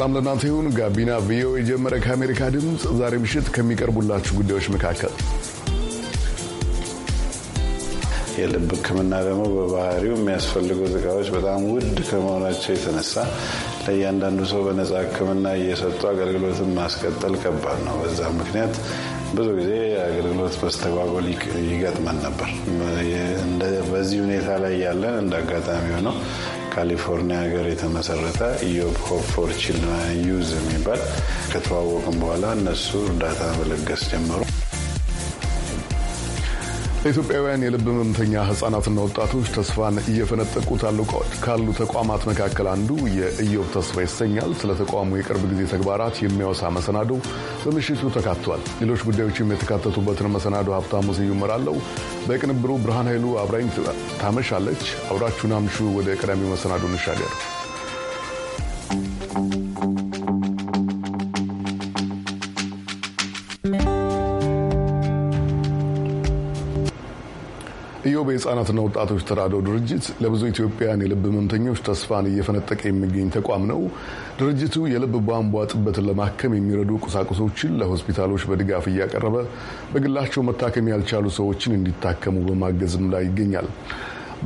ሰላም ለእናንተ ይሁን። ጋቢና ቪኦኤ ጀመረ። ከአሜሪካ ድምፅ ዛሬ ምሽት ከሚቀርቡላችሁ ጉዳዮች መካከል የልብ ሕክምና ደግሞ በባህሪው የሚያስፈልጉ እቃዎች በጣም ውድ ከመሆናቸው የተነሳ ለእያንዳንዱ ሰው በነፃ ሕክምና እየሰጡ አገልግሎትን ማስቀጠል ከባድ ነው። በዛ ምክንያት ብዙ ጊዜ አገልግሎት መስተጓጎል ይገጥመን ነበር። በዚህ ሁኔታ ላይ ያለን እንደ አጋጣሚ ሆነው ካሊፎርኒያ ሀገር የተመሰረተ ዮብ ሆፕ ፎር ቺልድረን ዩዝ የሚባል ከተዋወቅም በኋላ እነሱ እርዳታ መለገስ ጀመሩ። ኢትዮጵያውያን የልብ ህመምተኛ ህጻናትና ወጣቶች ተስፋን እየፈነጠቁ ካሉ ተቋማት መካከል አንዱ የኢዮብ ተስፋ ይሰኛል። ስለ ተቋሙ የቅርብ ጊዜ ተግባራት የሚያወሳ መሰናዶ በምሽቱ ተካቷል። ሌሎች ጉዳዮችም የተካተቱበትን መሰናዶ ሀብታሙ ስዩም እመራለሁ። በቅንብሩ ብርሃን ኃይሉ አብራኝ ታመሻለች። አብራችሁን አምሹ። ወደ ቀዳሚው መሰናዶ እንሻገር። የህጻናትና ወጣቶች ተራድኦ ድርጅት ለብዙ ኢትዮጵያውያን የልብ ህመምተኞች ተስፋን እየፈነጠቀ የሚገኝ ተቋም ነው። ድርጅቱ የልብ ቧንቧ ጥበትን ለማከም የሚረዱ ቁሳቁሶችን ለሆስፒታሎች በድጋፍ እያቀረበ በግላቸው መታከም ያልቻሉ ሰዎችን እንዲታከሙ በማገዝም ላይ ይገኛል።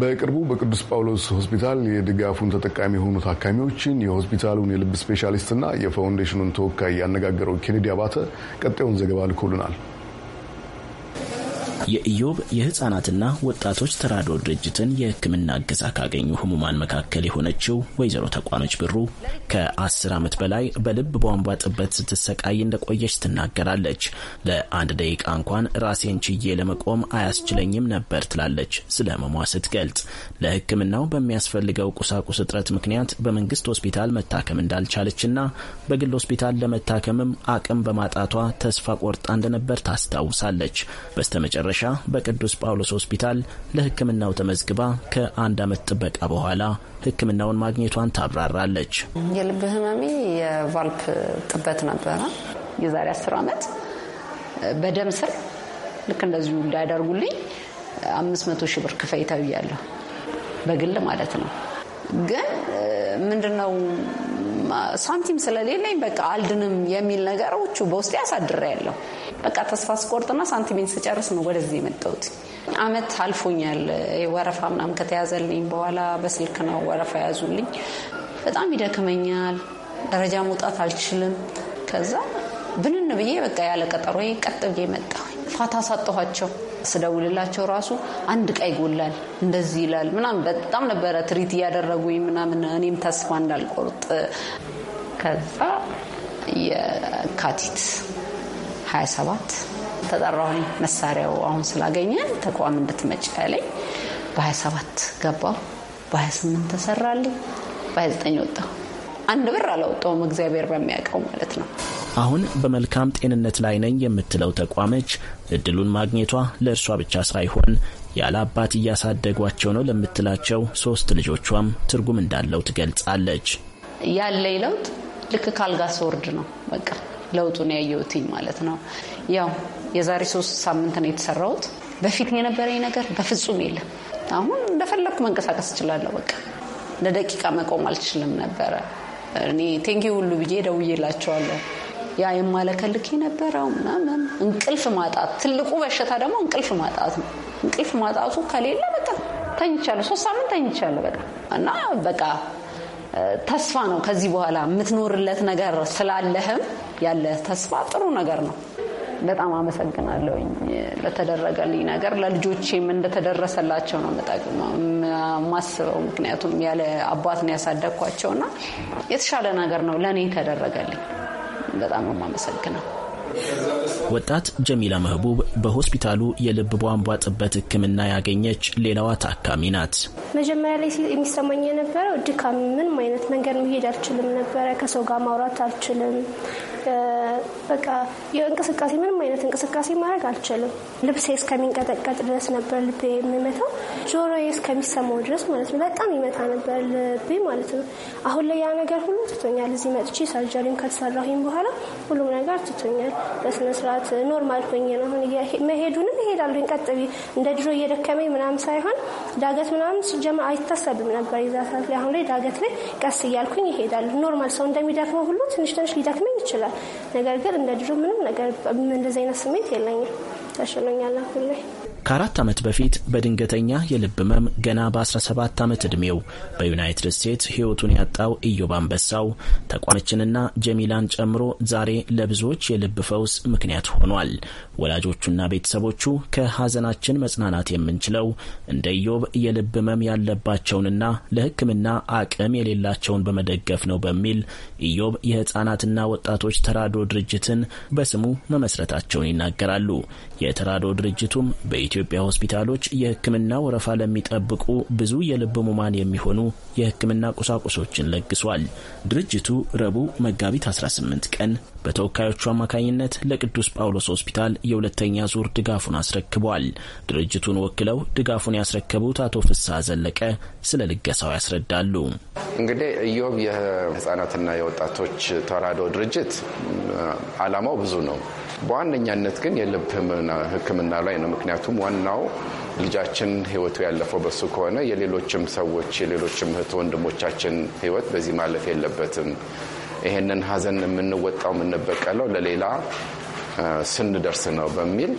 በቅርቡ በቅዱስ ጳውሎስ ሆስፒታል የድጋፉን ተጠቃሚ የሆኑ ታካሚዎችን የሆስፒታሉን የልብ ስፔሻሊስትና የፋውንዴሽኑን ተወካይ ያነጋገረው ኬኔዲ አባተ ቀጣዩን ዘገባ ልኮልናል። የኢዮብ የህጻናትና ወጣቶች ተራድኦ ድርጅትን የህክምና እገዛ ካገኙ ህሙማን መካከል የሆነችው ወይዘሮ ተቋኖች ብሩ ከአስር ዓመት በላይ በልብ ቧንቧ ጥበት ስትሰቃይ እንደቆየች ትናገራለች። ለአንድ ደቂቃ እንኳን ራሴን ችዬ ለመቆም አያስችለኝም ነበር ትላለች። ስለ ህመሟ ስትገልጽ ለህክምናው በሚያስፈልገው ቁሳቁስ እጥረት ምክንያት በመንግስት ሆስፒታል መታከም እንዳልቻለችና በግል ሆስፒታል ለመታከምም አቅም በማጣቷ ተስፋ ቆርጣ እንደነበር ታስታውሳለች። በስተመጨረ መጨረሻ በቅዱስ ጳውሎስ ሆስፒታል ለሕክምናው ተመዝግባ ከአንድ ዓመት ጥበቃ በኋላ ሕክምናውን ማግኘቷን ታብራራለች። የልብ ህመሜ የቫልፕ ጥበት ነበረ። የዛሬ አስር ዓመት በደም ስር ልክ እንደዚሁ እንዳያደርጉልኝ አምስት መቶ ሺህ ብር ክፈይ ተብያለሁ። በግል ማለት ነው ግን ምንድነው ሳንቲም ስለሌለኝ በቃ አልድንም የሚል ነገሮቹ በውስጤ ያለው በቃ ተስፋ ስቆርጥና ሳንቲሜን ስጨርስ ነው ወደዚህ የመጣሁት። አመት አልፎኛል። ወረፋ ምናምን ከተያዘልኝ በኋላ በስልክ ነው ወረፋ የያዙልኝ። በጣም ይደክመኛል። ደረጃ መውጣት አልችልም። ከዛ ብንን ብዬ በቃ ያለ ቀጠሮ ቀጥ ብዬ ፋታ ሳጠኋቸው። ስደውልላቸው ራሱ አንድ ቀይ ይጎላል እንደዚህ ይላል ምናምን በጣም ነበረ ትሪት እያደረጉኝ ምናምን እኔም ተስፋ እንዳልቆርጥ ከዛ የካቲት 27 ተጠራሁኝ። መሳሪያው አሁን ስላገኘ ተቋም እንድትመጪ ያለኝ በ27 ገባሁ፣ በ28 ተሰራልኝ፣ በ29 ወጣሁ። አንድ ብር አላወጣሁም እግዚአብሔር በሚያውቀው ማለት ነው። አሁን በመልካም ጤንነት ላይ ነኝ የምትለው ተቋመች እድሉን ማግኘቷ ለእርሷ ብቻ ሳይሆን ያለ አባት እያሳደጓቸው ነው ለምትላቸው ሶስት ልጆቿም ትርጉም እንዳለው ትገልጻለች። ያለኝ ለውጥ ልክ ካልጋ ስወርድ ነው። በቃ ለውጡን ያየሁትኝ ማለት ነው። ያው የዛሬ ሶስት ሳምንት ነው የተሰራሁት። በፊት የነበረኝ ነገር በፍጹም የለም። አሁን እንደፈለግኩ መንቀሳቀስ እችላለሁ። በቃ ለደቂቃ መቆም አልችልም ነበረ። እኔ ቴንኪ ሁሉ ብዬ ደውዬላቸዋለሁ። ያ የማለከልክ የነበረው ምናምን እንቅልፍ ማጣት፣ ትልቁ በሽታ ደግሞ እንቅልፍ ማጣት ነው። እንቅልፍ ማጣቱ ከሌለ በቃ ተኝቻለሁ፣ ሶስት ሳምንት ተኝቻለሁ በቃ እና በቃ ተስፋ ነው። ከዚህ በኋላ የምትኖርለት ነገር ስላለህም ያለ ተስፋ ጥሩ ነገር ነው። በጣም አመሰግናለሁኝ ለተደረገልኝ ነገር። ለልጆቼም እንደተደረሰላቸው ነው ማስበው። ምክንያቱም ያለ አባት ነው ያሳደግኳቸውና የተሻለ ነገር ነው ለእኔ ተደረገልኝ። በጣም ነው የማመሰግነው። ወጣት ጀሚላ መህቡብ በሆስፒታሉ የልብ ቧንቧ ጥበት ሕክምና ያገኘች ሌላዋ ታካሚ ናት። መጀመሪያ ላይ የሚሰማኝ የነበረው ድካም፣ ምንም አይነት መንገድ መሄድ አልችልም ነበረ። ከሰው ጋር ማውራት አልችልም። በቃ የእንቅስቃሴ ምንም አይነት እንቅስቃሴ ማድረግ አልችልም። ልብሴ እስከሚንቀጠቀጥ ድረስ ነበር ልቤ የሚመታው፣ ጆሮዬ እስከሚሰማው ድረስ ማለት ነው። በጣም ይመታ ነበር ልቤ ማለት ነው። አሁን ላይ ያ ነገር ሁሉ ትቶኛል። እዚህ መጥቼ ሰርጀሪም ከተሰራሁኝ በኋላ ሁሉም ነገር ትቶኛል። በስነ ስርዓት ኖርማል ሆኜ ነው አሁን መሄዱንም እሄዳለሁኝ። ቀጥ እንደ ድሮ እየደከመኝ ምናምን ሳይሆን ዳገት ምናምን ሲጀምር አይታሰብም ነበር የዛ ሰዓት ላይ። አሁን ላይ ዳገት ላይ ቀስ እያልኩኝ እሄዳለሁ። ኖርማል ሰው እንደሚደክመው ሁሉ ትንሽ ትንሽ ሊደክመኝ ይችላል። ነገር ግን እንደ ድሮ ምንም ነገር እንደዚህ አይነት ስሜት የለኝም። ተሽሎኛል አሁን ላይ። ከአራት ዓመት በፊት በድንገተኛ የልብ ህመም ገና በ17 ዓመት ዕድሜው በዩናይትድ ስቴትስ ሕይወቱን ያጣው ኢዮብ አንበሳው ተቋማችንና ጀሚላን ጨምሮ ዛሬ ለብዙዎች የልብ ፈውስ ምክንያት ሆኗል። ወላጆቹና ቤተሰቦቹ ከሐዘናችን መጽናናት የምንችለው እንደ ኢዮብ የልብ ህመም ያለባቸውንና ለሕክምና አቅም የሌላቸውን በመደገፍ ነው በሚል ኢዮብ የሕፃናትና ወጣቶች ተራድኦ ድርጅትን በስሙ መመስረታቸውን ይናገራሉ። የተራድኦ ድርጅቱም በኢትዮ በኢትዮጵያ ሆስፒታሎች የሕክምና ወረፋ ለሚጠብቁ ብዙ የልብ ሙማን የሚሆኑ የሕክምና ቁሳቁሶችን ለግሷል። ድርጅቱ ረቡዕ መጋቢት 18 ቀን በተወካዮቹ አማካኝነት ለቅዱስ ጳውሎስ ሆስፒታል የሁለተኛ ዙር ድጋፉን አስረክቧል። ድርጅቱን ወክለው ድጋፉን ያስረከቡት አቶ ፍስሐ ዘለቀ ስለ ልገሳው ያስረዳሉ። እንግዲህ ኢዮብ የህጻናትና የወጣቶች ተራድኦ ድርጅት ዓላማው ብዙ ነው። በዋነኛነት ግን የልብ ሕክምና ላይ ነው። ምክንያቱም ዋናው ልጃችን ህይወቱ ያለፈው በሱ ከሆነ የሌሎችም ሰዎች የሌሎችም እህት ወንድሞቻችን ህይወት በዚህ ማለፍ የለበትም። ይሄንን ሀዘን የምንወጣው የምንበቀለው ለሌላ ስንደርስ ነው በሚል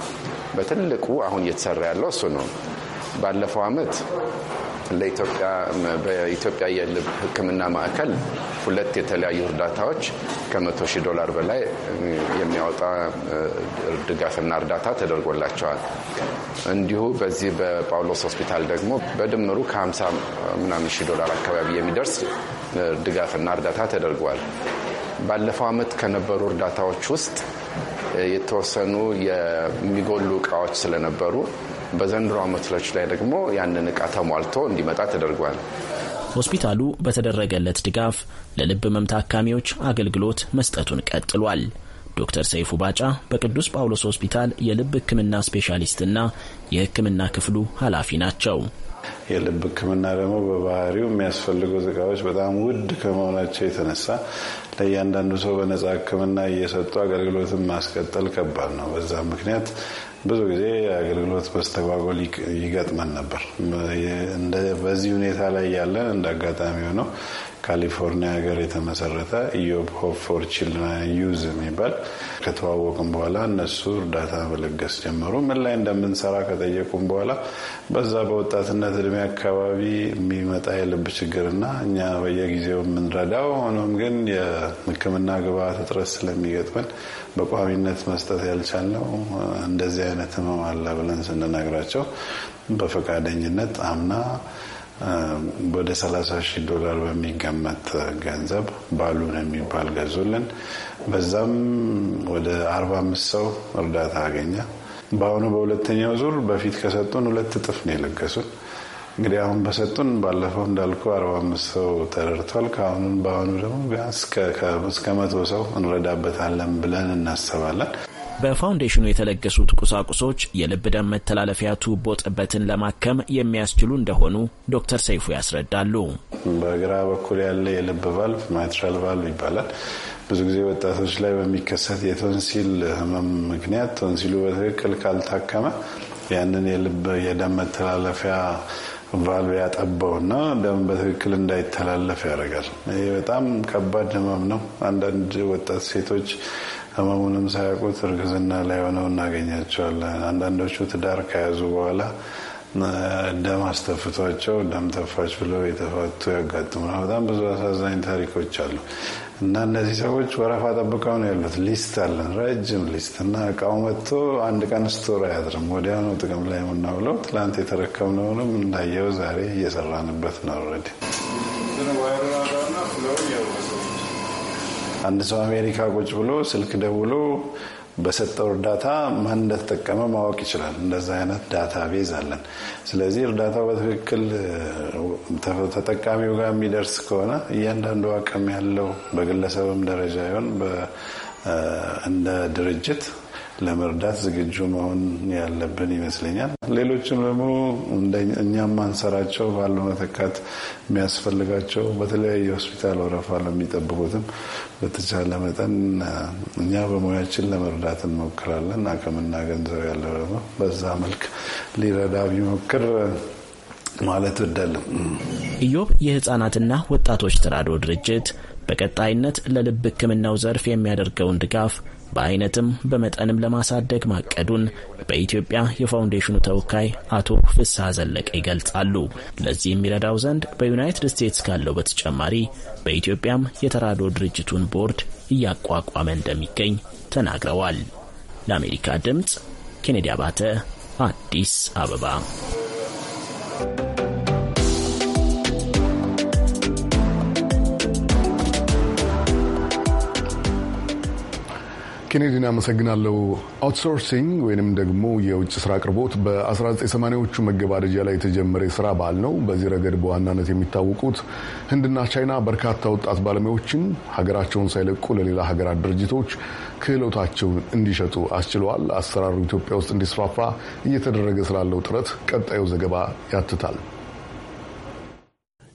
በትልቁ አሁን እየተሰራ ያለው እሱ ነው። ባለፈው ዓመት በኢትዮጵያ የልብ ሕክምና ማዕከል ሁለት የተለያዩ እርዳታዎች ከመቶ ሺህ ዶላር በላይ የሚያወጣ ድጋፍና እርዳታ ተደርጎላቸዋል። እንዲሁ በዚህ በጳውሎስ ሆስፒታል ደግሞ በድምሩ ከ50 ምናምን ሺህ ዶላር አካባቢ የሚደርስ ድጋፍና እርዳታ ተደርጓል። ባለፈው ዓመት ከነበሩ እርዳታዎች ውስጥ የተወሰኑ የሚጎሉ እቃዎች ስለነበሩ በዘንድሮ ዓመቶች ላይ ደግሞ ያንን እቃ ተሟልቶ እንዲመጣ ተደርጓል። ሆስፒታሉ በተደረገለት ድጋፍ ለልብ ህመም ታካሚዎች አገልግሎት መስጠቱን ቀጥሏል። ዶክተር ሰይፉ ባጫ በቅዱስ ጳውሎስ ሆስፒታል የልብ ህክምና ስፔሻሊስትና የህክምና ክፍሉ ኃላፊ ናቸው። የልብ ህክምና ደግሞ በባህሪው የሚያስፈልጉ እቃዎች በጣም ውድ ከመሆናቸው የተነሳ ለእያንዳንዱ ሰው በነጻ ህክምና እየሰጡ አገልግሎትን ማስቀጠል ከባድ ነው። በዛም ምክንያት ብዙ ጊዜ አገልግሎት መስተጓጎል ይገጥመን ነበር። በዚህ ሁኔታ ላይ ያለን እንደ አጋጣሚ ሆነው ካሊፎርኒያ ሀገር የተመሰረተ ኢዮብ ሆፕ ፎር ቺልድረን ዩዝ የሚባል ከተዋወቅም በኋላ እነሱ እርዳታ መለገስ ጀመሩ። ምን ላይ እንደምንሰራ ከጠየቁም በኋላ በዛ በወጣትነት እድሜ አካባቢ የሚመጣ የልብ ችግርና እኛ በየጊዜው የምንረዳው ሆኖም ግን የሕክምና ግብአት እጥረት ስለሚገጥመን በቋሚነት መስጠት ያልቻልነው እንደዚህ አይነት ህመም አለ ብለን ስንነግራቸው በፈቃደኝነት አምና ወደ 30 ሺህ ዶላር በሚገመት ገንዘብ ባሉን የሚባል ገዙልን። በዛም ወደ 45 ሰው እርዳታ አገኘ። በአሁኑ በሁለተኛው ዙር በፊት ከሰጡን ሁለት እጥፍ ነው የለገሱን። እንግዲህ አሁን በሰጡን ባለፈው እንዳልኩ 45 ሰው ተረድቷል። ከአሁኑ በአሁኑ ደግሞ ቢያንስ እስከ መቶ ሰው እንረዳበታለን ብለን እናስባለን። በፋውንዴሽኑ የተለገሱት ቁሳቁሶች የልብ ደም መተላለፊያ ቱቦ ጥበትን ለማከም የሚያስችሉ እንደሆኑ ዶክተር ሰይፉ ያስረዳሉ። በግራ በኩል ያለ የልብ ቫልቭ ማይትራል ቫልቭ ይባላል። ብዙ ጊዜ ወጣቶች ላይ በሚከሰት የቶንሲል ህመም ምክንያት ቶንሲሉ በትክክል ካልታከመ ያንን የልብ የደም መተላለፊያ ቫልቭ ያጠባውና ደም በትክክል እንዳይተላለፍ ያደርጋል። ይህ በጣም ከባድ ህመም ነው። አንዳንድ ወጣት ሴቶች ህመሙንም ሳያውቁት እርግዝና ላይ ሆነው እናገኛቸዋለን። አንዳንዶቹ ትዳር ከያዙ በኋላ ደም አስተፍቷቸው ደም ተፋች ብለው የተፋቱ ያጋጥሙናል። በጣም ብዙ አሳዛኝ ታሪኮች አሉ እና እነዚህ ሰዎች ወረፋ ጠብቀው ነው ያሉት። ሊስት አለን፣ ረጅም ሊስት እና እቃው መጥቶ አንድ ቀን ስቶር አያድርም። ወዲያ ነው ጥቅም ላይ የምናውለው ትላንት የተረከብነውንም እንዳየው ዛሬ እየሰራንበት ነው ረዲ አንድ ሰው አሜሪካ ቁጭ ብሎ ስልክ ደውሎ በሰጠው እርዳታ ማን እንደተጠቀመ ማወቅ ይችላል። እንደዛ አይነት ዳታ ቤዝ አለን። ስለዚህ እርዳታው በትክክል ተጠቃሚው ጋር የሚደርስ ከሆነ እያንዳንዱ አቅም ያለው በግለሰብም ደረጃ ይሆን እንደ ድርጅት ለመርዳት ዝግጁ መሆን ያለብን ይመስለኛል። ሌሎችም ደግሞ እኛም ማንሰራቸው ባለው መተካት የሚያስፈልጋቸው በተለያየ ሆስፒታል ወረፋ ለሚጠብቁትም በተቻለ መጠን እኛ በሙያችን ለመርዳት እንሞክራለን። አቅምና ገንዘብ ያለው ደግሞ በዛ መልክ ሊረዳ ቢሞክር ማለት እወዳለሁ። ኢዮብ የህፃናትና ወጣቶች ተራድኦ ድርጅት በቀጣይነት ለልብ ሕክምናው ዘርፍ የሚያደርገውን ድጋፍ በአይነትም በመጠንም ለማሳደግ ማቀዱን በኢትዮጵያ የፋውንዴሽኑ ተወካይ አቶ ፍስሐ ዘለቀ ይገልጻሉ። ለዚህ የሚረዳው ዘንድ በዩናይትድ ስቴትስ ካለው በተጨማሪ በኢትዮጵያም የተራድኦ ድርጅቱን ቦርድ እያቋቋመ እንደሚገኝ ተናግረዋል። ለአሜሪካ ድምፅ ኬኔዲ አባተ አዲስ አበባ ኬኔዲን አመሰግናለሁ። አውትሶርሲንግ ወይንም ደግሞ የውጭ ስራ አቅርቦት በ1980ዎቹ መገባደጃ ላይ የተጀመረ የስራ ባህል ነው። በዚህ ረገድ በዋናነት የሚታወቁት ህንድና ቻይና በርካታ ወጣት ባለሙያዎችን ሀገራቸውን ሳይለቁ ለሌላ ሀገራት ድርጅቶች ክህሎታቸውን እንዲሸጡ አስችለዋል። አሰራሩ ኢትዮጵያ ውስጥ እንዲስፋፋ እየተደረገ ስላለው ጥረት ቀጣዩ ዘገባ ያትታል።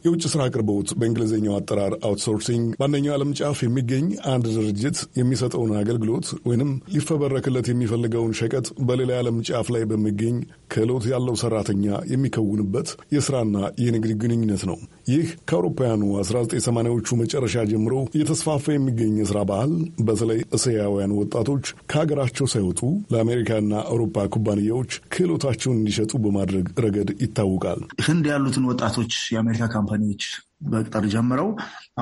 የውጭ ስራ አቅርቦት በእንግሊዝኛው አጠራር አውትሶርሲንግ በአንደኛው ዓለም ጫፍ የሚገኝ አንድ ድርጅት የሚሰጠውን አገልግሎት ወይንም ሊፈበረክለት የሚፈልገውን ሸቀጥ በሌላ የዓለም ጫፍ ላይ በሚገኝ ክህሎት ያለው ሰራተኛ የሚከውንበት የስራና የንግድ ግንኙነት ነው። ይህ ከአውሮፓውያኑ 1980ዎቹ መጨረሻ ጀምሮ እየተስፋፋ የሚገኝ የስራ ባህል በተለይ እስያውያን ወጣቶች ከሀገራቸው ሳይወጡ ለአሜሪካና አውሮፓ ኩባንያዎች ክህሎታቸውን እንዲሸጡ በማድረግ ረገድ ይታወቃል። ህንድ ያሉትን ወጣቶች የአሜሪካ ካምፓኒዎች መቅጠር ጀምረው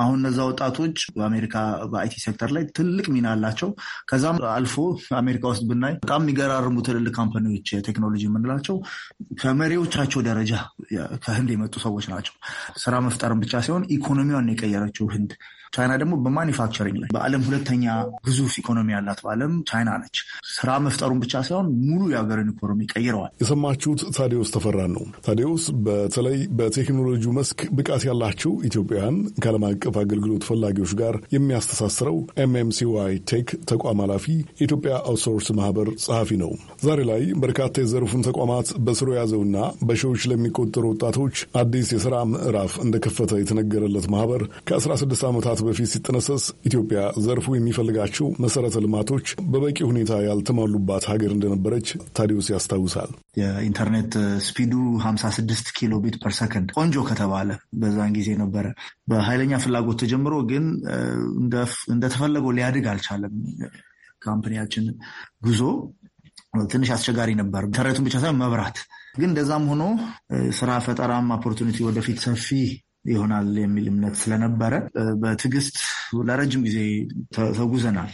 አሁን እነዛ ወጣቶች በአሜሪካ በአይቲ ሴክተር ላይ ትልቅ ሚና አላቸው። ከዛም አልፎ አሜሪካ ውስጥ ብናይ በጣም የሚገራርሙ ትልልቅ ካምፓኒዎች ቴክኖሎጂ የምንላቸው ከመሪዎቻቸው ደረጃ ከህንድ የመጡ ሰዎች ናቸው። ስራ መፍጠርም ብቻ ሳይሆን ኢኮኖሚዋን የቀየረችው ህንድ ቻይና ደግሞ በማኒፋክቸሪንግ ላይ በዓለም ሁለተኛ ግዙፍ ኢኮኖሚ ያላት በዓለም ቻይና ነች። ስራ መፍጠሩን ብቻ ሳይሆን ሙሉ የሀገርን ኢኮኖሚ ቀይረዋል። የሰማችሁት ታዲዮስ ተፈራን ነው። ታዲዮስ በተለይ በቴክኖሎጂው መስክ ብቃት ያላቸው ኢትዮጵያውያን ከዓለም አቀፍ አገልግሎት ፈላጊዎች ጋር የሚያስተሳስረው ኤምኤምሲዋይ ቴክ ተቋም ኃላፊ፣ የኢትዮጵያ አውትሶርስ ማህበር ጸሐፊ ነው። ዛሬ ላይ በርካታ የዘርፉን ተቋማት በስሩ የያዘውና በሺዎች ለሚቆጠሩ ወጣቶች አዲስ የስራ ምዕራፍ እንደከፈተ የተነገረለት ማህበር ከ16 ዓመታት ከወራት በፊት ሲጠነሰስ ኢትዮጵያ ዘርፉ የሚፈልጋቸው መሰረተ ልማቶች በበቂ ሁኔታ ያልተሟሉባት ሀገር እንደነበረች ታዲዮስ ያስታውሳል። የኢንተርኔት ስፒዱ 56 ኪሎ ቢት ፐር ሰከንድ ቆንጆ ከተባለ በዛን ጊዜ ነበረ። በኃይለኛ ፍላጎት ተጀምሮ ግን እንደተፈለገው ሊያድግ አልቻለም። ካምፕኒያችን ጉዞ ትንሽ አስቸጋሪ ነበር። ኢንተርኔቱን ብቻ ሳይሆን መብራት ግን እንደዛም ሆኖ ስራ ፈጠራም ኦፖርቱኒቲ ወደፊት ሰፊ ይሆናል የሚል እምነት ስለነበረ በትዕግስት ለረጅም ጊዜ ተጉዘናል።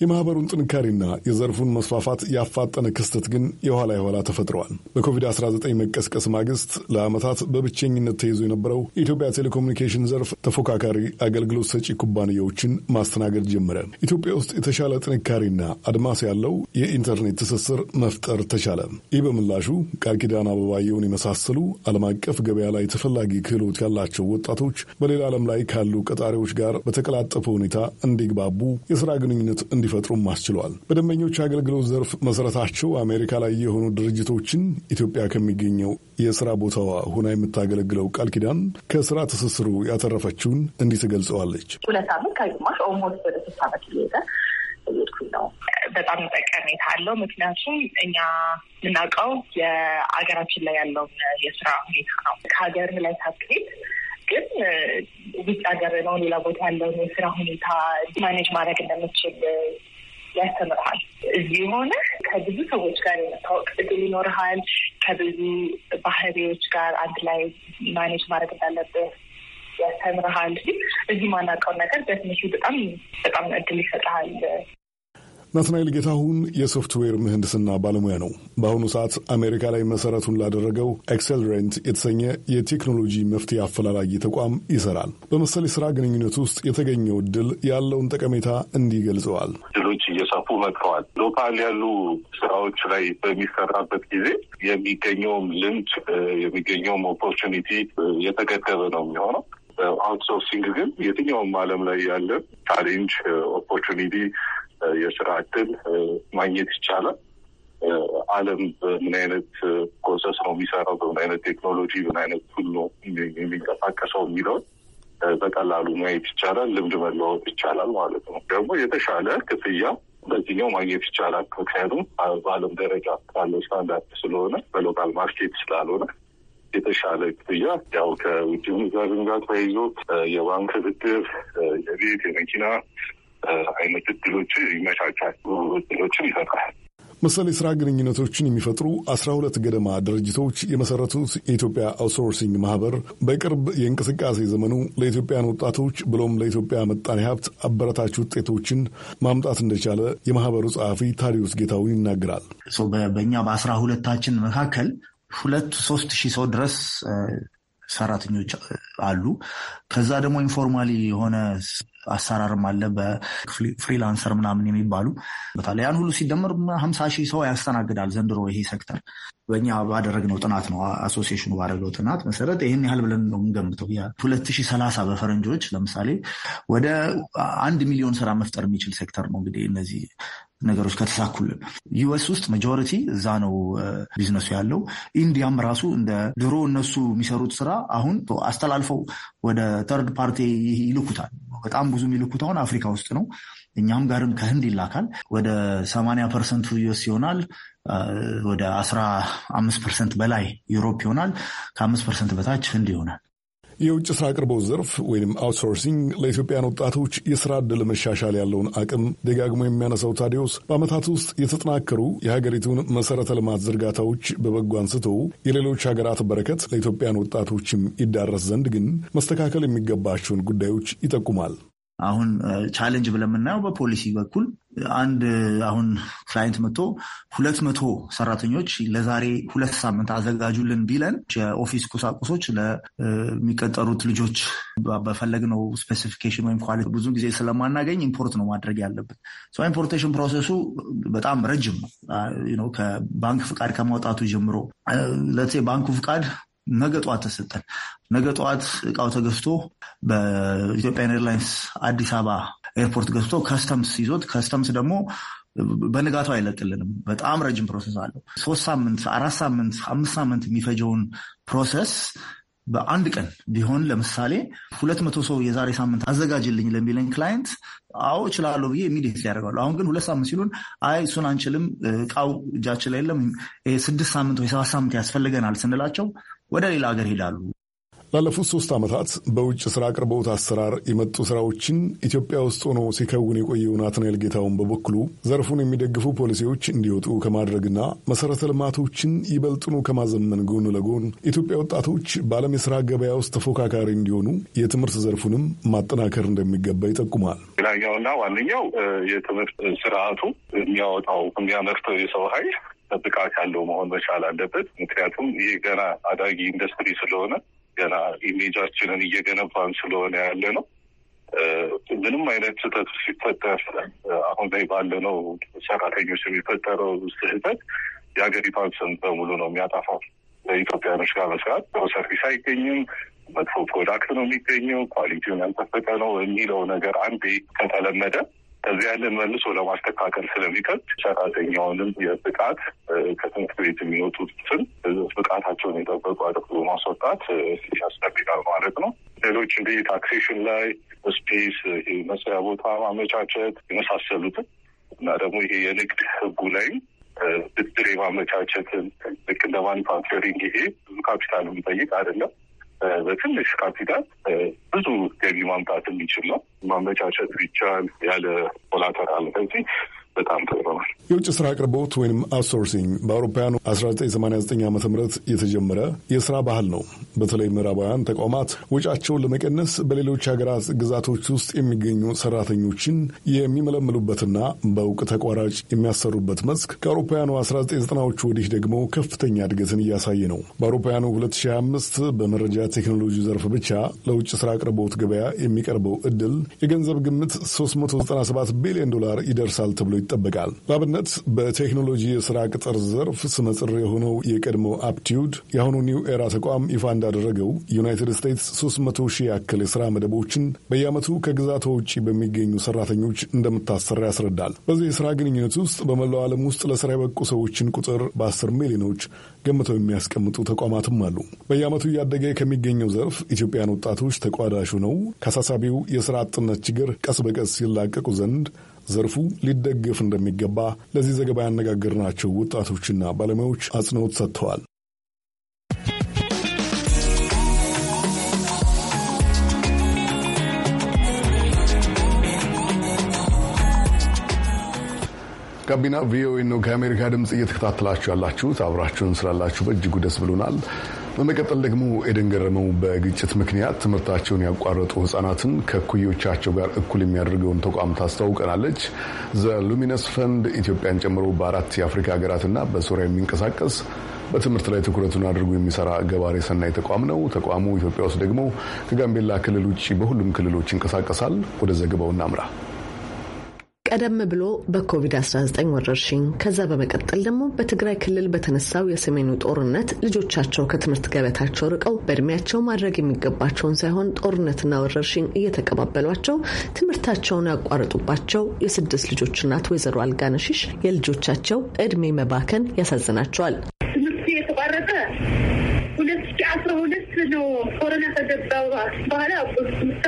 የማኅበሩን ጥንካሬና የዘርፉን መስፋፋት ያፋጠነ ክስተት ግን የኋላ የኋላ ተፈጥረዋል። በኮቪድ-19 መቀስቀስ ማግስት ለዓመታት በብቸኝነት ተይዞ የነበረው የኢትዮጵያ ቴሌኮሙኒኬሽን ዘርፍ ተፎካካሪ አገልግሎት ሰጪ ኩባንያዎችን ማስተናገድ ጀመረ። ኢትዮጵያ ውስጥ የተሻለ ጥንካሬና አድማስ ያለው የኢንተርኔት ትስስር መፍጠር ተቻለ። ይህ በምላሹ ቃል ኪዳን አበባየውን የመሳሰሉ ዓለም አቀፍ ገበያ ላይ ተፈላጊ ክህሎት ያላቸው ወጣቶች በሌላ ዓለም ላይ ካሉ ቀጣሪዎች ጋር በተቀላጠፈ ሁኔታ እንዲግባቡ የሥራ ግንኙነት እንዲፈጥሩም አስችለዋል። በደንበኞች አገልግሎት ዘርፍ መሰረታቸው አሜሪካ ላይ የሆኑ ድርጅቶችን ኢትዮጵያ ከሚገኘው የስራ ቦታዋ ሁና የምታገለግለው ቃል ኪዳን ከስራ ትስስሩ ያተረፈችውን እንዲህ ትገልጸዋለች። ሁለት ዓመት ከግማሽ ኦልሞስት ወደ ዓመት ነው። በጣም ጠቀሜታ አለው። ምክንያቱም እኛ የምናውቀው የአገራችን ላይ ያለውን የስራ ሁኔታ ነው። ከሀገር ላይ ሳትሄድ ግን ውጭ ሀገር ነው ሌላ ቦታ ያለው የስራ ሁኔታ ማኔጅ ማድረግ እንደምችል ያስተምርሃል። እዚህ ሆነ ከብዙ ሰዎች ጋር የመታወቅ እድል ይኖርሃል። ከብዙ ባህሪዎች ጋር አንድ ላይ ማኔጅ ማድረግ እንዳለብህ ያስተምርሃል። እዚህ ማናውቀውን ነገር በትንሹ በጣም በጣም እድል ይሰጥሃል። ናትናኤል ጌታሁን የሶፍትዌር ምህንድስና ባለሙያ ነው። በአሁኑ ሰዓት አሜሪካ ላይ መሰረቱን ላደረገው ኤክሰልሬንት የተሰኘ የቴክኖሎጂ መፍትሄ አፈላላጊ ተቋም ይሰራል። በመሰል የስራ ግንኙነት ውስጥ የተገኘው እድል ያለውን ጠቀሜታ እንዲህ ገልጸዋል። እድሎች እየሰፉ መጥተዋል። ሎካል ያሉ ስራዎች ላይ በሚሰራበት ጊዜ የሚገኘውም ልምድ የሚገኘውም ኦፖርቹኒቲ የተገደበ ነው የሚሆነው አውትሶርሲንግ ግን የትኛውም ዓለም ላይ ያለ ቻሌንጅ ኦፖርቹኒቲ የስራ እድል ማግኘት ይቻላል። ዓለም በምን አይነት ፕሮሰስ ነው የሚሰራው፣ በምን አይነት ቴክኖሎጂ፣ ምን አይነት ሁሉ የሚንቀሳቀሰው የሚለውን በቀላሉ ማየት ይቻላል። ልምድ መለወጥ ይቻላል ማለት ነው። ደግሞ የተሻለ ክፍያ በዚህኛው ማግኘት ይቻላል። ምክንያቱም በዓለም ደረጃ ካለው ስታንዳርድ ስለሆነ በሎካል ማርኬት ስላልሆነ የተሻለ ክፍያ ያው ከውጭ ምንዛሪ ጋር ተያይዞ የባንክ ብድር፣ የቤት፣ የመኪና አይነት እድሎች ይመቻቻል፣ እድሎችን ይፈጥራል። መሰል የስራ ግንኙነቶችን የሚፈጥሩ አስራ ሁለት ገደማ ድርጅቶች የመሰረቱት የኢትዮጵያ አውትሶርሲንግ ማህበር በቅርብ የእንቅስቃሴ ዘመኑ ለኢትዮጵያን ወጣቶች ብሎም ለኢትዮጵያ መጣኔ ሀብት አበረታች ውጤቶችን ማምጣት እንደቻለ የማህበሩ ጸሐፊ ታዲዮስ ጌታው ይናገራል። በእኛ በአስራ ሁለታችን መካከል ሁለት ሶስት ሺህ ሰው ድረስ ሰራተኞች አሉ። ከዛ ደግሞ ኢንፎርማሊ የሆነ አሰራርም አለ በፍሪላንሰር ምናምን የሚባሉ ያን ሁሉ ሲደመር ሀምሳ ሺህ ሰው ያስተናግዳል ዘንድሮ ይሄ ሴክተር በእኛ ባደረግነው ጥናት ነው። አሶሲሽኑ ባደረገው ጥናት መሰረት ይህን ያህል ብለን ነው የምንገምተው። ሁለት ሺህ ሰላሳ በፈረንጆች ለምሳሌ ወደ አንድ ሚሊዮን ስራ መፍጠር የሚችል ሴክተር ነው እንግዲህ እነዚህ ነገሮች ከተሳኩልን ዩኤስ ውስጥ መጆሪቲ እዛ ነው ቢዝነሱ ያለው። ኢንዲያም ራሱ እንደ ድሮ እነሱ የሚሰሩት ስራ አሁን አስተላልፈው ወደ ተርድ ፓርቲ ይልኩታል። በጣም ብዙ የሚልኩት አሁን አፍሪካ ውስጥ ነው። እኛም ጋርም ከህንድ ይላካል። ወደ ሰማንያ ፐርሰንቱ ዩኤስ ይሆናል። ወደ አስራ አምስት ፐርሰንት በላይ ዩሮፕ ይሆናል። ከአምስት ፐርሰንት በታች ህንድ ይሆናል። የውጭ ስራ አቅርቦት ዘርፍ ወይም አውትሶርሲንግ ለኢትዮጵያን ወጣቶች የስራ ዕድል መሻሻል ያለውን አቅም ደጋግሞ የሚያነሳው ታዲዮስ በዓመታት ውስጥ የተጠናከሩ የሀገሪቱን መሰረተ ልማት ዝርጋታዎች በበጎ አንስቶ የሌሎች ሀገራት በረከት ለኢትዮጵያን ወጣቶችም ይዳረስ ዘንድ ግን መስተካከል የሚገባቸውን ጉዳዮች ይጠቁማል። አሁን ቻሌንጅ ብለምናየው በፖሊሲ በኩል አንድ አሁን ክላይንት መጥቶ ሁለት መቶ ሰራተኞች ለዛሬ ሁለት ሳምንት አዘጋጁልን ቢለን የኦፊስ ቁሳቁሶች ለሚቀጠሩት ልጆች በፈለግነው ስፔሲፊኬሽን ወይም ኳሊቲ ብዙ ጊዜ ስለማናገኝ ኢምፖርት ነው ማድረግ ያለብን። ኢምፖርቴሽን ፕሮሰሱ በጣም ረጅም ነው። ከባንክ ፍቃድ ከማውጣቱ ጀምሮ ለ ባንኩ ፍቃድ ነገ ጠዋት ተሰጠን። ነገ ጠዋት እቃው ተገዝቶ በኢትዮጵያ ኤርላይንስ አዲስ አበባ ኤርፖርት ገዝቶ ከስተምስ ይዞት ከስተምስ ደግሞ በንጋቱ አይለቅልንም። በጣም ረጅም ፕሮሰስ አለው። ሶስት ሳምንት፣ አራት ሳምንት፣ አምስት ሳምንት የሚፈጀውን ፕሮሰስ በአንድ ቀን ቢሆን ለምሳሌ ሁለት መቶ ሰው የዛሬ ሳምንት አዘጋጅልኝ ለሚለኝ ክላይንት አዎ እችላለሁ ብዬ ኢሚዲየት ያደርጋሉ። አሁን ግን ሁለት ሳምንት ሲሉን አይ እሱን አንችልም፣ እቃው እጃችን ላይ የለም፣ ስድስት ሳምንት ወይ ሰባት ሳምንት ያስፈልገናል ስንላቸው ወደ ሌላ ሀገር ይሄዳሉ። ላለፉት ሶስት ዓመታት በውጭ ሥራ አቅርቦት አሰራር የመጡ ሥራዎችን ኢትዮጵያ ውስጥ ሆኖ ሲከውን የቆየው ናትናኤል ጌታውን በበኩሉ ዘርፉን የሚደግፉ ፖሊሲዎች እንዲወጡ ከማድረግና መሠረተ ልማቶችን ይበልጥኑ ከማዘመን ጎን ለጎን ኢትዮጵያ ወጣቶች በዓለም የሥራ ገበያ ውስጥ ተፎካካሪ እንዲሆኑ የትምህርት ዘርፉንም ማጠናከር እንደሚገባ ይጠቁማል። ሌላኛውና ዋነኛው የትምህርት ስርዓቱ የሚያወጣው የሚያመርተው የሰው ኃይል ብቃት ያለው መሆን መቻል አለበት። ምክንያቱም ይህ ገና አዳጊ ኢንዱስትሪ ስለሆነ ገና ኢሜጃችንን እየገነባን ስለሆነ ያለ ነው። ምንም አይነት ስህተት ሲፈጠር አሁን ላይ ባለነው ሰራተኞች የሚፈጠረው ስህተት የሀገሪቷን ስም በሙሉ ነው የሚያጠፋው። ለኢትዮጵያኖች ጋር መስራት ጥሩ ሰርቪስ አይገኝም፣ መጥፎ ፕሮዳክት ነው የሚገኘው፣ ኳሊቲውን ያልጠበቀ ነው የሚለው ነገር አንዴ ከተለመደ ከዚህ ያለን መልሶ ለማስተካከል ስለሚከብድ ሰራተኛውንም የብቃት ከትምህርት ቤት የሚወጡትን ብቃታቸውን የጠበቁ አድርጎ ማስወጣት ያስጠብቃል ማለት ነው። ሌሎች እንደ ታክሴሽን ላይ ስፔስ መስሪያ ቦታ ማመቻቸት የመሳሰሉትን እና ደግሞ ይሄ የንግድ ህጉ ላይም ብድር የማመቻቸትን ልክ እንደ ማኒፋክቸሪንግ ይሄ ብዙ ካፒታል የሚጠይቅ አይደለም። በትንሽ ካፒታል ብዙ ገቢ ማምጣት የሚችል ነው። ማመቻቸት ቢቻል ያለ ኮላተራል ስለዚህ በጣም ነው። የውጭ ስራ አቅርቦት ወይም አውትሶርሲንግ በአውሮፓውያኑ 1989 ዓ ም የተጀመረ የስራ ባህል ነው። በተለይ ምዕራባውያን ተቋማት ወጪያቸውን ለመቀነስ በሌሎች ሀገራት ግዛቶች ውስጥ የሚገኙ ሰራተኞችን የሚመለምሉበትና በእውቅ ተቋራጭ የሚያሰሩበት መስክ ከአውሮፓውያኑ 1990ዎቹ ወዲህ ደግሞ ከፍተኛ እድገትን እያሳየ ነው። በአውሮፓውያኑ 2025 በመረጃ ቴክኖሎጂ ዘርፍ ብቻ ለውጭ ስራ አቅርቦት ገበያ የሚቀርበው ዕድል የገንዘብ ግምት 397 ቢሊዮን ዶላር ይደርሳል ተብሎ ይጠበቃል። ለአብነት በቴክኖሎጂ የስራ ቅጥር ዘርፍ ስመጥር የሆነው የቀድሞው አፕቲዩድ የአሁኑ ኒው ኤራ ተቋም ይፋ እንዳደረገው ዩናይትድ ስቴትስ 300 ሺህ ያክል የስራ መደቦችን በየዓመቱ ከግዛቷ ውጭ በሚገኙ ሰራተኞች እንደምታሰራ ያስረዳል። በዚህ የስራ ግንኙነት ውስጥ በመላው ዓለም ውስጥ ለስራ የበቁ ሰዎችን ቁጥር በአስር ሚሊዮኖች ገምተው የሚያስቀምጡ ተቋማትም አሉ። በየዓመቱ እያደገ ከሚገኘው ዘርፍ ኢትዮጵያን ወጣቶች ተቋዳሹ ነው ከአሳሳቢው የስራ አጥነት ችግር ቀስ በቀስ ይላቀቁ ዘንድ ዘርፉ ሊደገፍ እንደሚገባ ለዚህ ዘገባ ያነጋገርናቸው ወጣቶችና ባለሙያዎች አጽንኦት ሰጥተዋል። ጋቢና ቪኦኤ ነው ከአሜሪካ ድምፅ እየተከታተላችሁ ያላችሁት። አብራችሁን ስላላችሁ በእጅጉ ደስ ብሎናል። በመቀጠል ደግሞ ኤደን ገረመው በግጭት ምክንያት ትምህርታቸውን ያቋረጡ ህጻናትን ከኩዮቻቸው ጋር እኩል የሚያደርገውን ተቋም ታስታውቀናለች። ዘ ሉሚነስ ፈንድ ኢትዮጵያን ጨምሮ በአራት የአፍሪካ ሀገራትና በሶሪያ የሚንቀሳቀስ በትምህርት ላይ ትኩረቱን አድርጎ የሚሰራ ገባሬ ሰናይ ተቋም ነው። ተቋሙ ኢትዮጵያ ውስጥ ደግሞ ከጋምቤላ ክልል ውጭ በሁሉም ክልሎች ይንቀሳቀሳል። ወደ ዘገባው እናምራ። ቀደም ብሎ በኮቪድ-19 ወረርሽኝ ከዛ በመቀጠል ደግሞ በትግራይ ክልል በተነሳው የሰሜኑ ጦርነት ልጆቻቸው ከትምህርት ገበታቸው ርቀው በእድሜያቸው ማድረግ የሚገባቸውን ሳይሆን ጦርነትና ወረርሽኝ እየተቀባበሏቸው ትምህርታቸውን ያቋረጡባቸው የስድስት ልጆች እናት ወይዘሮ አልጋነሽሽ የልጆቻቸው እድሜ መባከን ያሳዝናቸዋል። ትምህርት የተቋረጠ ሁለት ሺ አስራ ሁለት ነው ኮሮና ከገባ በኋላ ስታ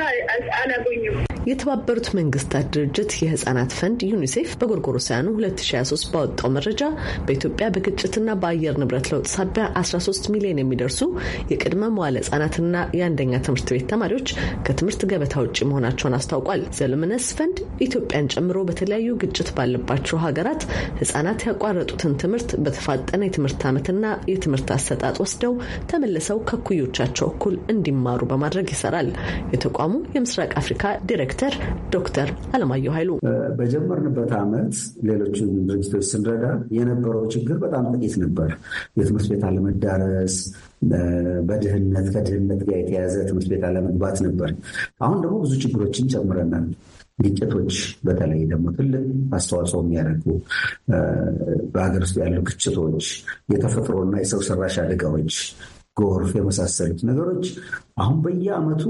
አላገኙም። የተባበሩት መንግስታት ድርጅት የህጻናት ፈንድ ዩኒሴፍ በጎርጎሮሳውያኑ 2023 ባወጣው መረጃ በኢትዮጵያ በግጭትና በአየር ንብረት ለውጥ ሳቢያ 13 ሚሊዮን የሚደርሱ የቅድመ መዋለ ህጻናትና የአንደኛ ትምህርት ቤት ተማሪዎች ከትምህርት ገበታ ውጭ መሆናቸውን አስታውቋል። ዘልምነስ ፈንድ ኢትዮጵያን ጨምሮ በተለያዩ ግጭት ባለባቸው ሀገራት ህጻናት ያቋረጡትን ትምህርት በተፋጠነ የትምህርት ዓመትና የትምህርት አሰጣጥ ወስደው ተመልሰው ከኩዮቻቸው እኩል እንዲማሩ በማድረግ ይሰራል። የተቋሙ የምስራቅ አፍሪካ ዲሬክተር ዶክተር አለማየሁ ኃይሉ በጀመርንበት ዓመት ሌሎችን ድርጅቶች ስንረዳ የነበረው ችግር በጣም ጥቂት ነበር። የትምህርት ቤት አለመዳረስ በድህነት ከድህነት ጋር የተያዘ ትምህርት ቤት አለመግባት ነበር። አሁን ደግሞ ብዙ ችግሮችን ጨምረናል። ግጭቶች በተለይ ደግሞ ትልቅ አስተዋጽኦ የሚያደርጉ በሀገር ውስጥ ያሉ ግጭቶች፣ የተፈጥሮና የሰው ሰራሽ አደጋዎች ጎርፍ የመሳሰሉት ነገሮች አሁን በየአመቱ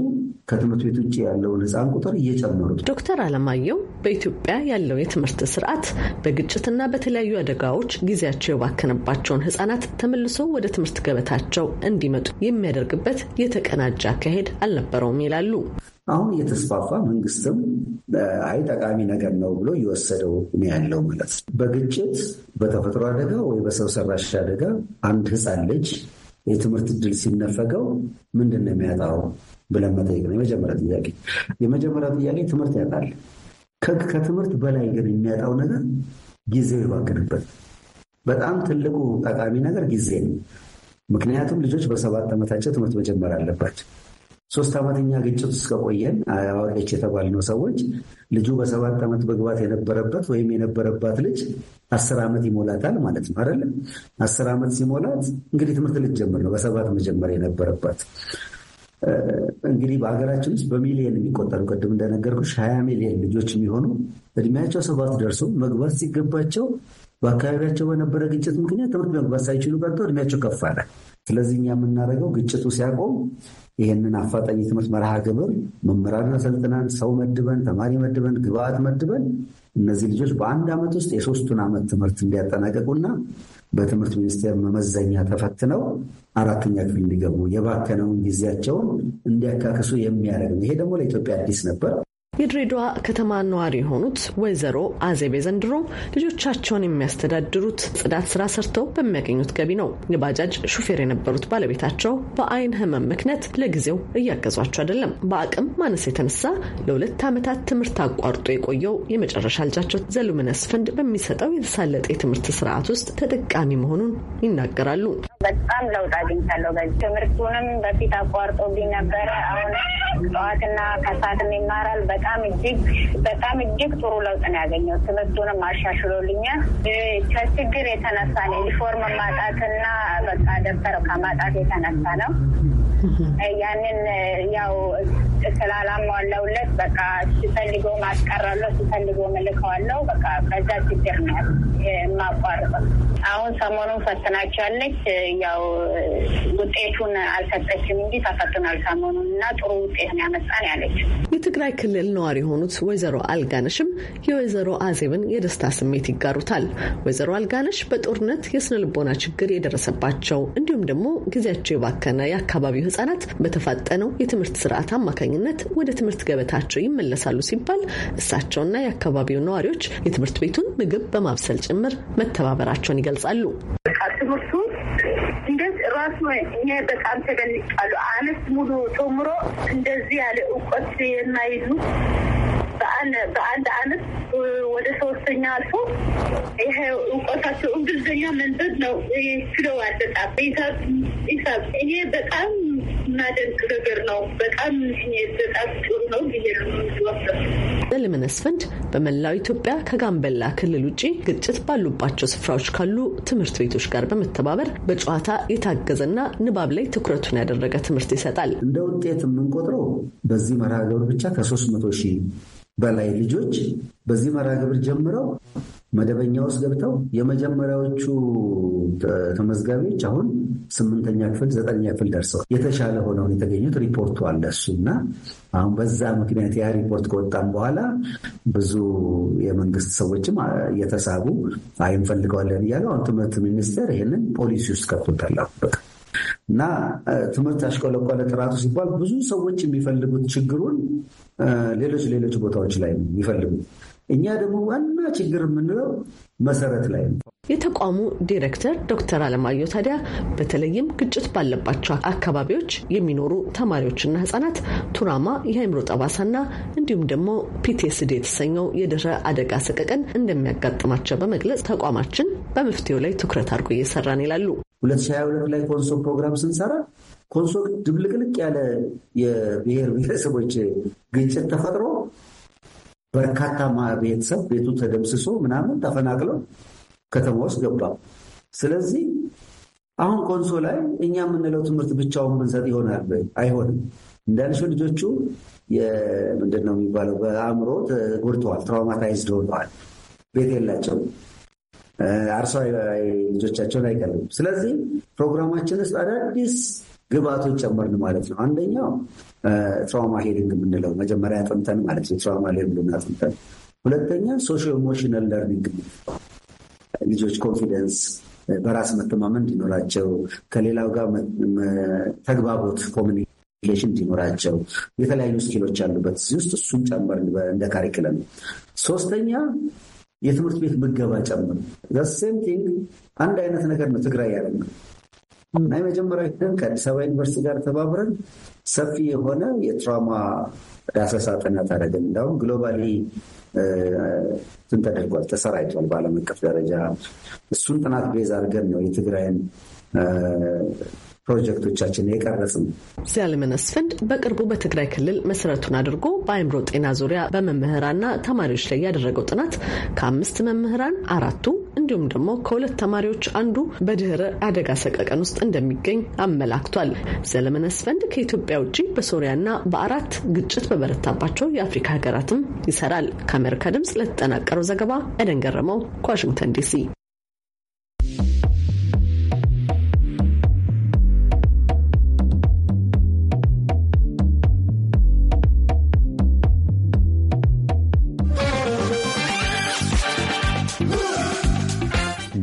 ከትምህርት ቤት ውጭ ያለውን ህፃን ቁጥር እየጨመሩት። ዶክተር አለማየሁ በኢትዮጵያ ያለው የትምህርት ስርዓት በግጭትና በተለያዩ አደጋዎች ጊዜያቸው የባከነባቸውን ህጻናት ተመልሶ ወደ ትምህርት ገበታቸው እንዲመጡ የሚያደርግበት የተቀናጀ አካሄድ አልነበረውም ይላሉ። አሁን እየተስፋፋ መንግስትም አይ ጠቃሚ ነገር ነው ብሎ እየወሰደው ነው ያለው ማለት ነው። በግጭት በተፈጥሮ አደጋ ወይ በሰው ሰራሽ አደጋ አንድ ህፃን ልጅ የትምህርት እድል ሲነፈገው ምንድን ነው የሚያጣው ብለን መጠየቅ ነው የመጀመሪያ ጥያቄ። የመጀመሪያ ጥያቄ ትምህርት ያጣል። ከትምህርት በላይ ግን የሚያጣው ነገር ጊዜ ይባክንበት። በጣም ትልቁ ጠቃሚ ነገር ጊዜ ነው። ምክንያቱም ልጆች በሰባት ዓመታቸው ትምህርት መጀመር አለባቸው። ሶስት ዓመተኛ ግጭት ውስጥ ከቆየን አዋቂዎች የተባልነው ሰዎች ልጁ በሰባት ዓመት መግባት የነበረበት ወይም የነበረባት ልጅ አስር ዓመት ይሞላታል ማለት ነው አይደለ? አስር ዓመት ሲሞላት እንግዲህ ትምህርት ልትጀምር ነው። በሰባት መጀመር የነበረባት እንግዲህ በሀገራችን ውስጥ በሚሊየን የሚቆጠሩ ቅድም እንደነገርኩሽ ሀያ ሚሊየን ልጆች የሚሆኑ እድሜያቸው ሰባት ደርሶ መግባት ሲገባቸው በአካባቢያቸው በነበረ ግጭት ምክንያት ትምህርት መግባት ሳይችሉ ቀርቶ እድሜያቸው ከፍ አለ። ስለዚህ እኛ የምናደርገው ግጭቱ ሲያቆም ይህንን አፋጣኝ የትምህርት መርሃ ግብር መምህራን አሰልጥነን ሰው መድበን ተማሪ መድበን ግብአት መድበን እነዚህ ልጆች በአንድ ዓመት ውስጥ የሶስቱን ዓመት ትምህርት እንዲያጠናቀቁና በትምህርት ሚኒስቴር መመዘኛ ተፈትነው አራተኛ ክፍል እንዲገቡ የባከነውን ጊዜያቸውን እንዲያካክሱ የሚያደርግ ነው። ይሄ ደግሞ ለኢትዮጵያ አዲስ ነበር። የድሬዳዋ ከተማ ነዋሪ የሆኑት ወይዘሮ አዜቤ ዘንድሮ ልጆቻቸውን የሚያስተዳድሩት ጽዳት ስራ ሰርተው በሚያገኙት ገቢ ነው። የባጃጅ ሹፌር የነበሩት ባለቤታቸው በአይን ህመም ምክንያት ለጊዜው እያገዟቸው አይደለም። በአቅም ማነስ የተነሳ ለሁለት ዓመታት ትምህርት አቋርጦ የቆየው የመጨረሻ ልጃቸው ዘሉምነስ ፈንድ በሚሰጠው የተሳለጠ የትምህርት ስርዓት ውስጥ ተጠቃሚ መሆኑን ይናገራሉ። በጣም ለውጥ አግኝቻለሁ። በዚህ ትምህርቱንም በፊት አቋርጦብኝ ነበረ። አሁን ጠዋትና ከሰዓትም ይማራል። በጣም እጅግ በጣም እጅግ ጥሩ ለውጥ ነው ያገኘው። ትምህርቱንም አሻሽሎልኛል። ከችግር የተነሳ ነው ዩኒፎርም ማጣትና በቃ ደብተር ከማጣት የተነሳ ነው ያንን ያው ስላላሟላውለት በቃ ሲፈልጎ ማስቀራለሁ ሲፈልጎ መልከዋለው። በቃ በዛ ችግር ነው የማቋርጠው። አሁን ሰሞኑን ፈትናቸዋለች። ያው ውጤቱን አልሰጠችም እንጂ ተፈትናል ሰሞኑን እና ጥሩ ውጤት ነው ያመጣን ያለች። የትግራይ ክልል ነዋሪ የሆኑት ወይዘሮ አልጋነሽም የወይዘሮ አዜብን የደስታ ስሜት ይጋሩታል። ወይዘሮ አልጋነሽ በጦርነት የስነ ልቦና ችግር የደረሰባቸው እንዲሁም ደግሞ ጊዜያቸው የባከነ የአካባቢው ህጻናት በተፋጠነው የትምህርት ስርዓት አማካኝ አማካኝነት ወደ ትምህርት ገበታቸው ይመለሳሉ ሲባል እሳቸውና የአካባቢው ነዋሪዎች የትምህርት ቤቱን ምግብ በማብሰል ጭምር መተባበራቸውን ይገልጻሉ። ትምህርቱ እንደዚህ ራሱ እኔ በጣም ተደንቃሉ። አመት ሙሉ ተምሮ እንደዚህ ያለ እውቀት የማይዙ በአንድ አመት ወደ ሶስተኛ አልፎ ይሄ እውቀታቸው እንግሊዝኛ መንበብ ነው ችለዋል። በጣም ይሳብ ይሳብ እኔ በጣም የምናደንቅ ነገር ነው። በጣም በጣም ጥሩ ነው ብዬ ለመነስ በመላው ኢትዮጵያ ከጋምበላ ክልል ውጭ ግጭት ባሉባቸው ስፍራዎች ካሉ ትምህርት ቤቶች ጋር በመተባበር በጨዋታ የታገዘና ንባብ ላይ ትኩረቱን ያደረገ ትምህርት ይሰጣል። እንደ ውጤት የምንቆጥረው በዚህ መርሃ ግብር ብቻ ከሶስት መቶ ሺህ በላይ ልጆች በዚህ መርሃ ግብር ጀምረው መደበኛ ውስጥ ገብተው የመጀመሪያዎቹ ተመዝጋቢዎች አሁን ስምንተኛ ክፍል ዘጠነኛ ክፍል ደርሰው የተሻለ ሆነውን የተገኙት ሪፖርቱ አለ እሱ እና አሁን በዛ ምክንያት ያ ሪፖርት ከወጣም በኋላ ብዙ የመንግስት ሰዎችም እየተሳቡ አይንፈልገዋለን እያለ አሁን ትምህርት ሚኒስቴር ይህንን ፖሊሲ ውስጥ ከቶታል። እና ትምህርት ያሽቆለቆለ ጥራቱ ሲባል ብዙ ሰዎች የሚፈልጉት ችግሩን ሌሎች ሌሎች ቦታዎች ላይ ነው የሚፈልጉ። እኛ ደግሞ ዋና ችግር የምንለው መሰረት ላይ ነው። የተቋሙ ዲሬክተር ዶክተር አለማየሁ ታዲያ በተለይም ግጭት ባለባቸው አካባቢዎች የሚኖሩ ተማሪዎችና ህጻናት ቱራማ የአእምሮ ጠባሳና እንዲሁም ደግሞ ፒቴስዲ የተሰኘው የድህረ አደጋ ሰቀቀን እንደሚያጋጥማቸው በመግለጽ ተቋማችን በመፍትሄው ላይ ትኩረት አድርጎ እየሰራን ይላሉ። 2022 ላይ ኮንሶ ፕሮግራም ስንሰራ ኮንሶ ድብልቅልቅ ያለ የብሔር ብሔረሰቦች ግጭት ተፈጥሮ በርካታ ቤተሰብ ቤቱ ተደምስሶ ምናምን ተፈናቅለው ከተማ ውስጥ ገባ። ስለዚህ አሁን ኮንሶ ላይ እኛ የምንለው ትምህርት ብቻውን ብንሰጥ ይሆናል? አይሆንም። እንዳልሽው ልጆቹ ምንድን ነው የሚባለው በአእምሮ ጎድተዋል፣ ትራውማታይዝድ ሆነዋል። ቤት የላቸው አርሶ ልጆቻቸውን አይቀርብም ስለዚህ ፕሮግራማችን ውስጥ አዳዲስ ግብአቶች ጨመርን ማለት ነው። አንደኛው ትራውማ ሄሊንግ የምንለው መጀመሪያ አጥንተን ማለት ነው። ትራውማ ሌብልን አጥንተን፣ ሁለተኛ ሶሽ ኢሞሽናል ለርኒንግ ልጆች ኮንፊደንስ በራስ መተማመን እንዲኖራቸው ከሌላው ጋር ተግባቦት ኮሚኒኬሽን እንዲኖራቸው የተለያዩ ስኪሎች አሉበት እዚህ ውስጥ እሱን ጨመር እንደ ካሪክለም። ሶስተኛ የትምህርት ቤት ምገባ ጨምር ዘሴም ቲንግ አንድ አይነት ነገር ነው። ትግራይ ያለ ነው እና የመጀመሪያ ከአዲስ አበባ ዩኒቨርሲቲ ጋር ተባብረን ሰፊ የሆነ የትራውማ ዳሰሳ ጥናት አደረግን። እንዲሁም ግሎባሊ እንትን ተደርጓል፣ ተሰራይቷል በዓለም አቀፍ ደረጃ። እሱን ጥናት ቤዝ አድርገን ነው የትግራይን ፕሮጀክቶቻችን ነው። ሰለሞን አስፈንድ በቅርቡ በትግራይ ክልል መሰረቱን አድርጎ በአይምሮ ጤና ዙሪያ በመምህራንና ተማሪዎች ላይ ያደረገው ጥናት ከአምስት መምህራን አራቱ እንዲሁም ደግሞ ከሁለት ተማሪዎች አንዱ በድህረ አደጋ ሰቀቀን ውስጥ እንደሚገኝ አመላክቷል። ሰለሞን አስፈንድ ከኢትዮጵያ ውጭ በሶሪያና በአራት ግጭት በበረታባቸው የአፍሪካ ሀገራትም ይሰራል። ከአሜሪካ ድምፅ ለተጠናቀረው ዘገባ ኤደን ገረመው ከዋሽንግተን ዲሲ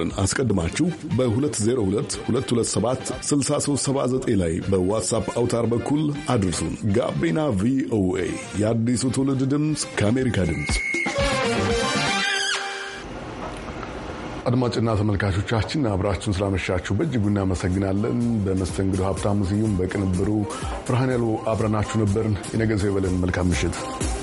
ቁጥርን አስቀድማችሁ በ 6379 ላይ በዋትሳፕ አውታር በኩል አድርሱን። ጋቢና ቪኦኤ የአዲሱ ትውልድ ድምፅ ከአሜሪካ ድምፅ አድማጭና ተመልካቾቻችን አብራችሁን ስላመሻችሁ በእጅጉ እናመሰግናለን። በመስተንግዶ ሀብታሙ ስዩም፣ በቅንብሩ ብርሃን ያሉ አብረናችሁ ነበርን። የነገ ሰው ይበለን። መልካም ምሽት።